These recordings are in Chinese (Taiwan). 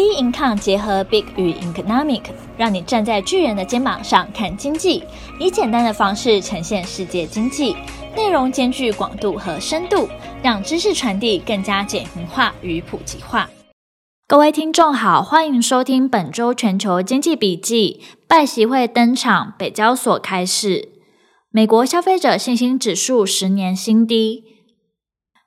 Big Econ 結合 Big 與 Economics 讓你站在巨人的肩膀上看經濟，以簡單的方式呈現世界經濟，內容兼具廣度和深度，讓知識傳遞更加簡明化與普及化。各位聽眾好，歡迎收聽本周全球經濟筆記。拜習會登場，北交所開市，美國消費者信心指數十年新低，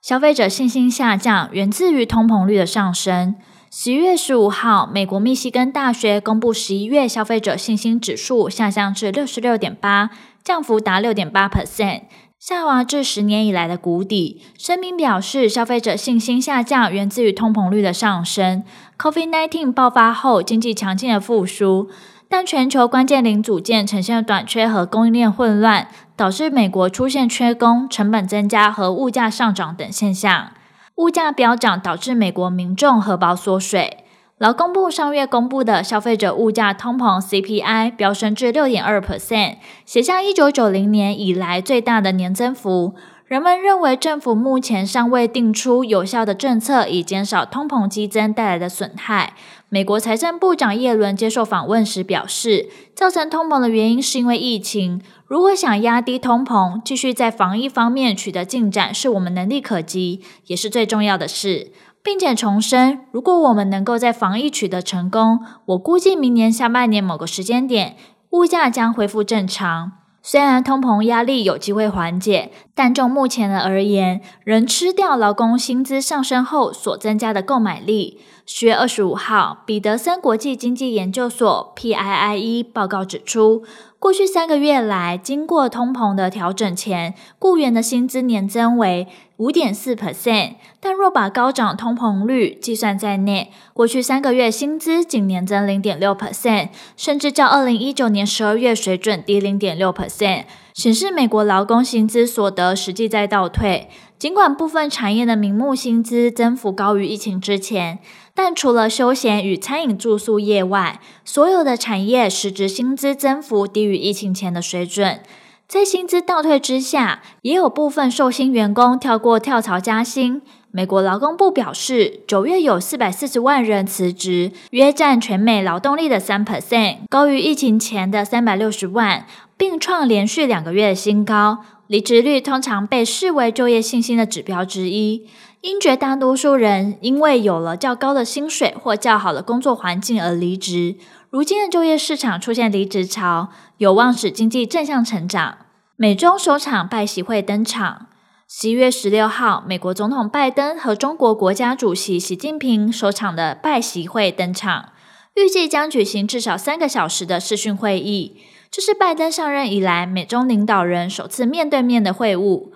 消費者信心下降源自於通膨率的上升。十一月十五號，美國密西根大學公布十一月消費者信心指數下降至六十六點八，降幅達六點八 percent，下滑至十年以來的谷底。聲明表示，消費者信心下降源自於通膨率的上升、COVID-19 爆發後經濟強勁的復甦，但全球關鍵零組件呈現短缺和供應鏈混亂，導致美國出現缺工、成本增加和物價上漲等現象。物價飆漲導致美國民眾荷包縮水。勞工部上月公布的消費者物價通膨 CPI 飆升至六點二 percent，寫下一九九零年以來最大的年增幅。人們認為，政府目前尚未定出有效的政策，以減少通膨激增帶來的損害。美國財政部長耶倫接受訪問時表示，造成通膨的原因是因為疫情。如果想壓低通膨，繼續在防疫方面取得進展，是我們能力可及，也是最重要的事，並且重申，如果我們能夠在防疫取得成功，我估計明年下半年某個時間點，物價將恢復正常。雖然通膨壓力有機會緩解，但就目前而言，仍吃掉勞工薪資上升後所增加的購買力。十月二十五號，彼得森國際經濟研究所 （PIIE） 報告指出，過去三個月來，經過通膨的調整前，雇員的薪資年增為五點四 percent，但若把高漲通膨率計算在內，過去三個月薪資僅年增零點六 percent，甚至較二零一九年十二月水準低零點六 percent，顯示美國勞工薪資所得實際在倒退。儘管部分產業的名目薪資增幅高於疫情之前，但除了休閒與餐飲住宿業外，所有的產業實質薪資增幅低於疫情前的水準。在薪資倒退之下，也有部分受薪員工跳過跳槽加薪。美國勞工部表示，九月有四百四十萬人辭職，約佔全美勞動力的3%，高於疫情前的三百六十萬，並創連續兩個月的新高。離職率通常被視為就業信心的指標之一，因絕大多數人因為有了較高的薪水或較好的工作環境而離職。如今的就業市場出現離職潮，有望使經濟正向成長。美中首場拜習會登場，十一月十六號，美國總統拜登和中國國家主席習近平首場的拜習會登場。預計將舉行至少三個小時的視訊會議，這是拜登上任以來美中領導人首次面對面的會晤。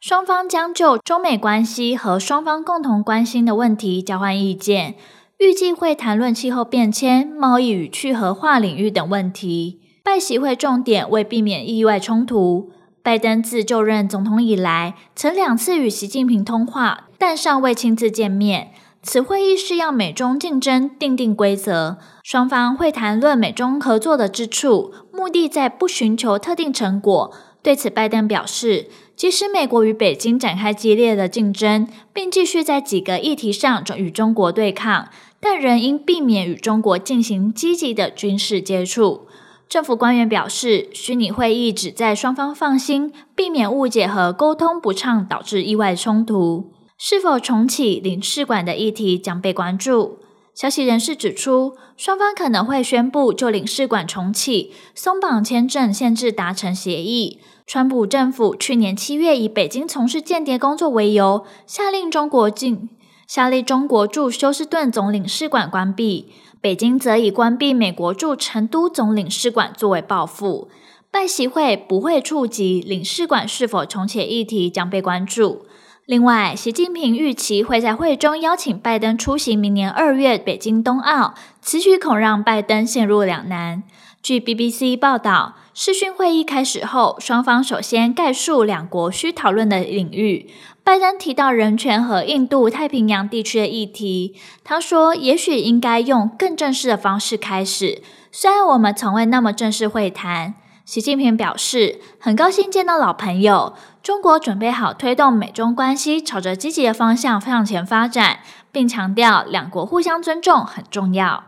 雙方將就中美關係和雙方共同關心的問題交換意見，預計會談論氣候變遷、貿易與去核化領域等問題。拜習會重點為避免意外衝突。拜登自就任總統以來，曾兩次與習近平通話，但尚未親自見面。此會議是要美中競爭定定規則，雙方會談論美中合作的之處，目的在不尋求特定成果。對此，拜登表示，即使美國與北京展開激烈的競爭，並繼續在幾個議題上與中國對抗，但仍應避免與中國進行積極的軍事接觸。政府官員表示，虛擬會議旨在雙方放心，避免誤解和溝通不暢導致意外衝突。是否重啟領事館的議題將被關注。消息人士指出，雙方可能會宣布就領事館重啟、鬆綁簽證限制達成協議。川普政府去年七月以北京從事間諜工作為由，下令中國駐下令中國駐休斯頓總領事館關閉。北京則以關閉美國駐成都總領事館作為報復。拜習會不會觸及領事館是否重啟議題，將被關注。另外，習近平預期會在會中邀請拜登出席明年二月北京冬奧，此舉恐讓拜登陷入兩難。據 BBC 報道，視訊會議開始後，雙方首先概述兩國需討論的領域。拜登提到人權和印度太平洋地區的議題，他說：“也許應該用更正式的方式開始，雖然我們從未那麼正式會談。”習近平表示，很高興見到老朋友。中國準備好推動美中關係朝着積極的方向向前發展，並強調兩國互相尊重很重要。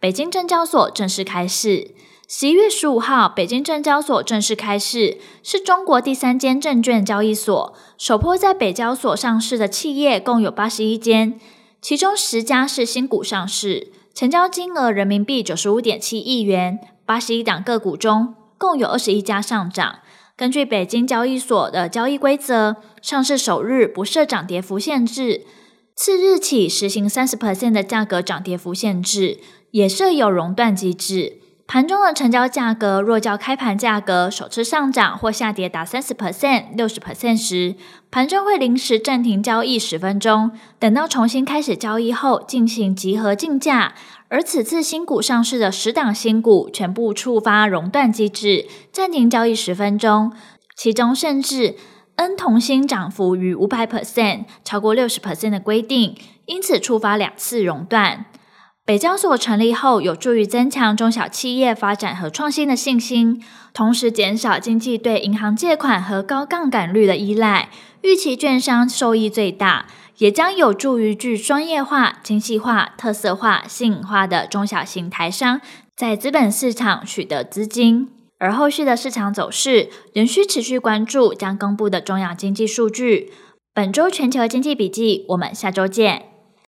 北京證交所正式開市。十一月十五號，北京證交所正式開市，是中國第三間證券交易所。首波在北交所上市的企業共有八十一間，其中十家是新股上市，成交金額人民幣九十五點七億元。八十一檔個股中，共有二十一家上漲。根據北京交易所的交易規則，上市首日不設漲跌幅限制，次日起實行三十%的價格漲跌幅限制，也設有熔斷機制。盤中的成交價格若較開盤價格首次上漲或下跌達三十 percent 六十 percent 時，盤中會臨時暫停交易十分鐘。等到重新開始交易後，進行集合競價。而此次新股上市的十檔新股全部觸發熔斷機制，暫停交易十分鐘。其中，甚至 N 同心漲幅逾五百 percent 超過六十 percent 的規定，因此觸發兩次熔斷。北交所成立後，有助於增強中小企業發展和創新的信心，同時減少經濟對銀行借款和高槓桿率的依賴。預期券商受益最大，也將有助於具專業化、精細化、特色化、新穎化的中小型台商在資本市場取得資金。而後續的市場走勢仍需持續關注將公布的重要經濟數據。本周全球經濟筆記，我們下周見。